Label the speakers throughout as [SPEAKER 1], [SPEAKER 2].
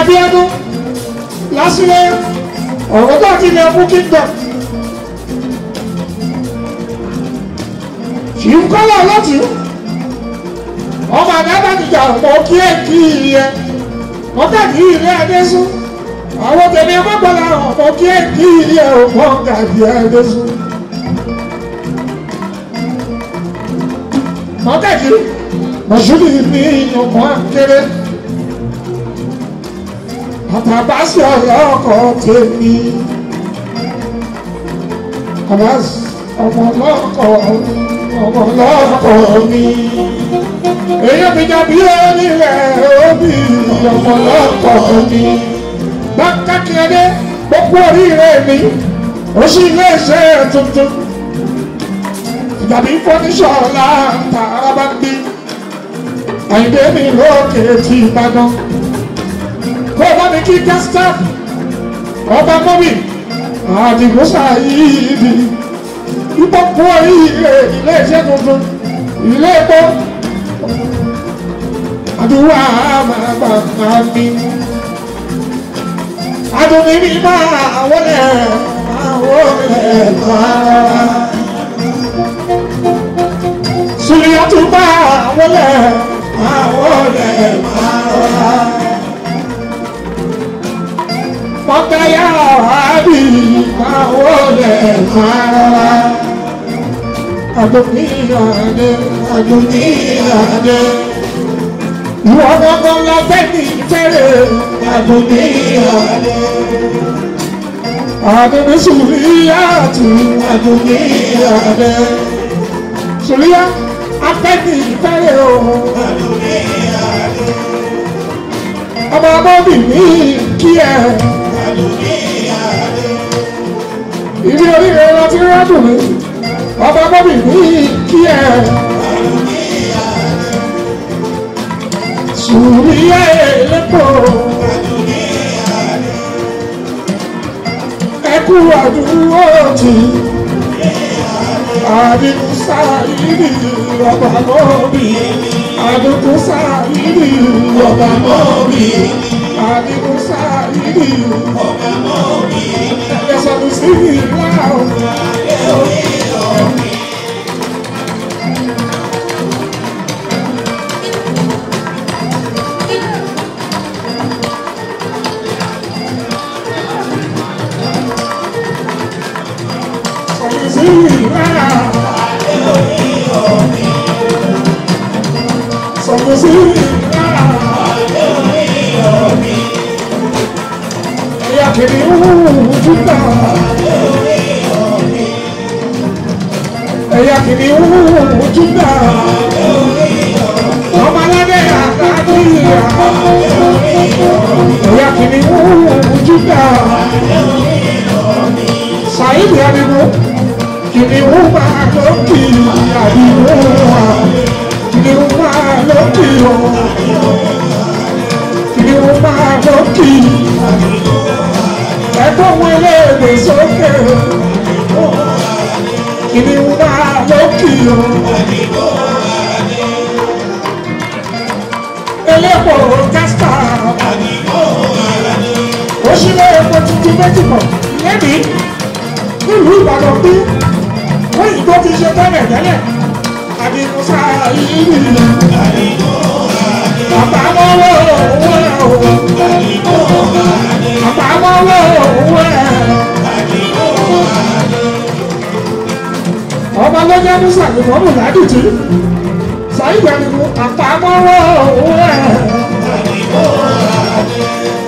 [SPEAKER 1] Abíọ́dún lásìlẹ̀ ọ̀rọ̀ tó ti lè fún kingdom. kì í kọ́lọ̀ lọ́tì ọmọ àgbà kìjà ọ̀pọ̀ kí ẹ̀ kí i yẹ ọ̀gá kì í ilé adésún àwọn tẹ̀lé ọgbọ́gbọ́lá ọ̀pọ̀ kí ẹ̀ kí i yẹ ọ̀pọ̀ ọ̀gá kì í adésún. mọ̀ọ́kẹ́ kì í àtàbá sí ọ̀rẹ́ ọkọ amas ọmọ ọlọ́kọ̀ ọmọ ọlọ́kọ̀ mi èyí mi jàbí ẹni rẹ̀ òbí ọmọ ọlọ́kọ̀ mi bá kákìá dé gbogbo oríire mi ó sì ilé iṣẹ́ tuntun ìjàbí fọ́níṣọ̀ láǹtà arábá ń bí àyíndé mi lókè tí kó o bá mi kí gẹ́sítà ọba mọ́mì àdìgbòsà yìí di ìpọ́pọ́ ilé ilé iṣẹ́ tuntun ilé epo àdúrà máa bá máa mi àdùnní mi máa wọlé wọlé máa. Sùnìyàn tún ba wọlé. பாடலா அது நீயானே அது நீயானே இவனகொள்ள தண்ணி தரு அது நீயானே அது சுழியாச்சு அது நீயானே சுழியா அப்படி தரு அது நீயானே அம்மா மோதி நீ கியா அது நீ ìdí oríire láti rádùn mi ọba bọ́bì ní kí ẹ. Sùúrìyá ẹlẹ́pọ̀. Ẹkú àdúró tì. Àdìgúsá ìdí ọba bọ́bì. Àdìgúsá ìdí ọba bọ́bì. Àdìgúsá ìdí ọba bọ́bì sí ìgbà ọ̀la lórí omi. Só você. kiri wúwú júbà. Ẹ̀yà kiri wúwú júbà. Ọmọ aládé àgbàdúyà. Ẹ̀yà kiri wúwú júbà. Sàyídì Adigun kiri wúwà lókì àdìgún wa. Kiri wúwà lókì o. Kiri wúwà lókì ẹ tó mú ilé èdè sókè o kìnìún náà lókì o. elépo gásítà ó ṣílẹ̀ epo tuntun méjì pọ̀ lẹ́bi nílùú Ìbàdàn bí wọ́n yìí tó ti ṣe tẹ́lẹ̀ tẹ́lẹ̀ àdìgún sáà yìí nìyẹn bàbá mọ́wọ́ òun náà o. Lágbájá Musa ni wọ́n mú ládùjì. Ṣáìgbà ni mo àpamọ́wọ́ òun rẹ̀.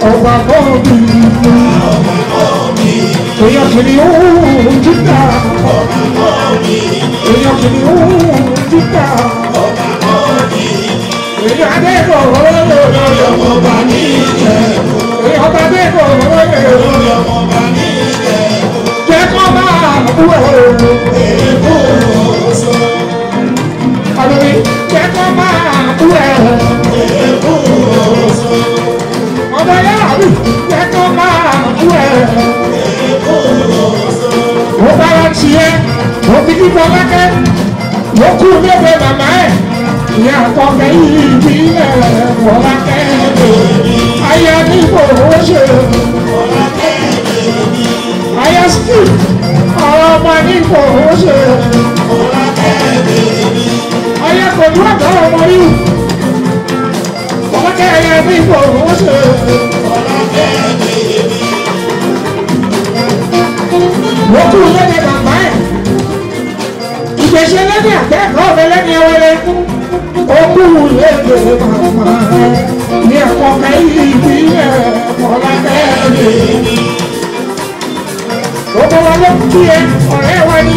[SPEAKER 1] Ọ̀gbà kan bí mi. Èèyàn kìíní òun jíta. Èèyàn kìíní òun jíta. Èèyàn adẹ́kọ̀ọ́ lọ́yọ̀ mọ̀ bá ní ìjẹ́. Èèyàn ọba adẹ́kọ̀ọ́ lọ́yọ̀ mọ̀ bá ní ìjẹ́. Jẹ́ kọ́ máa bú ẹ̀. jẹ́ kó máa kú ẹ̀ o. ọmọ yàrá jẹ́ kó máa kú ẹ̀ o. ó bára tiẹ̀ òbí kíkọ́ lẹ́kẹ́ ló kú lóde màmá ẹ̀ ìyá àpọ̀ fẹ́ yìí bí ẹ̀. kẹyẹ bí kò ń ṣe. mo kú lóde bàbá ẹ̀ ìgbésẹ̀ lẹ́ni àtẹ́kọ̀ọ́ mi lẹ́ni ẹwẹ́rẹ́ ó kú lóde bàbá ẹ̀ ní ẹ̀kọ́ kẹ́yìn ìpínlẹ̀ ọ̀la kẹ́yìn. gbogbo wa ló kí ẹ ọ̀rẹ́ wa ní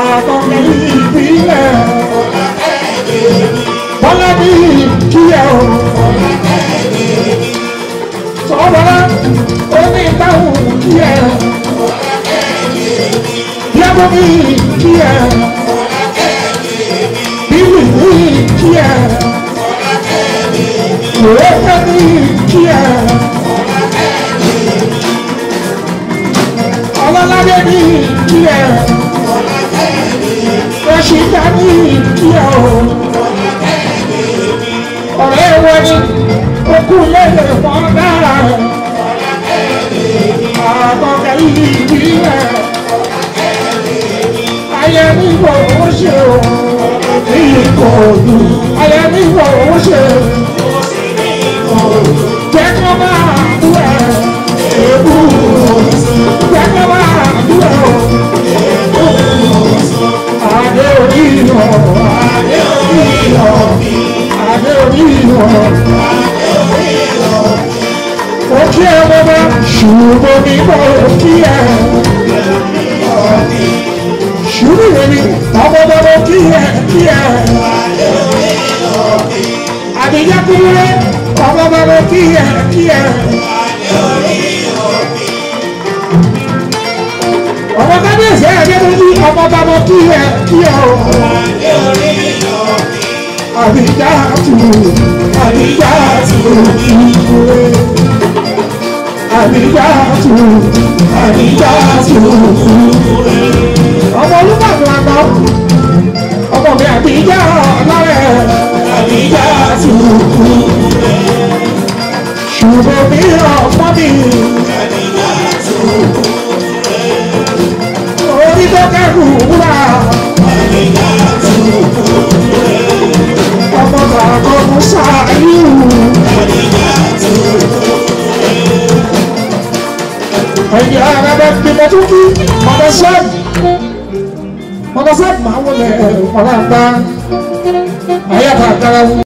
[SPEAKER 1] àtọ̀kẹ́yìn ìpínlẹ̀. sọ́wọ́lá ó ní táwọn òbí ẹ̀ yàgò mi kí ẹ̀ bíbí mi kí ẹ̀ òwe fẹ́ mi. olówó ní okú léde fún dára rẹ̀. Àkọ́kẹ́ ìlú ìlú rẹ̀. Ayé mi ṣe o. Èyí kò dùn. Ayé mi mo kí ẹ bàbá ṣùgbọ́n mi mo kí ẹ ṣùgbọ́n mi ọmọ bàbá kí ẹ kí ẹ àdìyẹ kúrẹ́ ọmọ bàbá kí ẹ kí ẹ. ọmọ kábíyèsí ẹ̀ ẹ̀ ló ní ọmọ bàbá kí ẹ kí ẹ o. àdìyẹ kúrẹ́ àbíjáàtù àbíjáàtù ọmọ olúmọ̀mọ́ àná ọmọ mi àbíjà ọlọ́rẹ̀ àbíjáàtù. ẹ̀yà ara bá fi mọ tó kí mọ̀tọ́ sẹ́ẹ̀bù mọ̀tọ́ sẹ́ẹ̀bù máa wọlé ọ̀rọ̀ àgbà ayé àtàkàrà wù.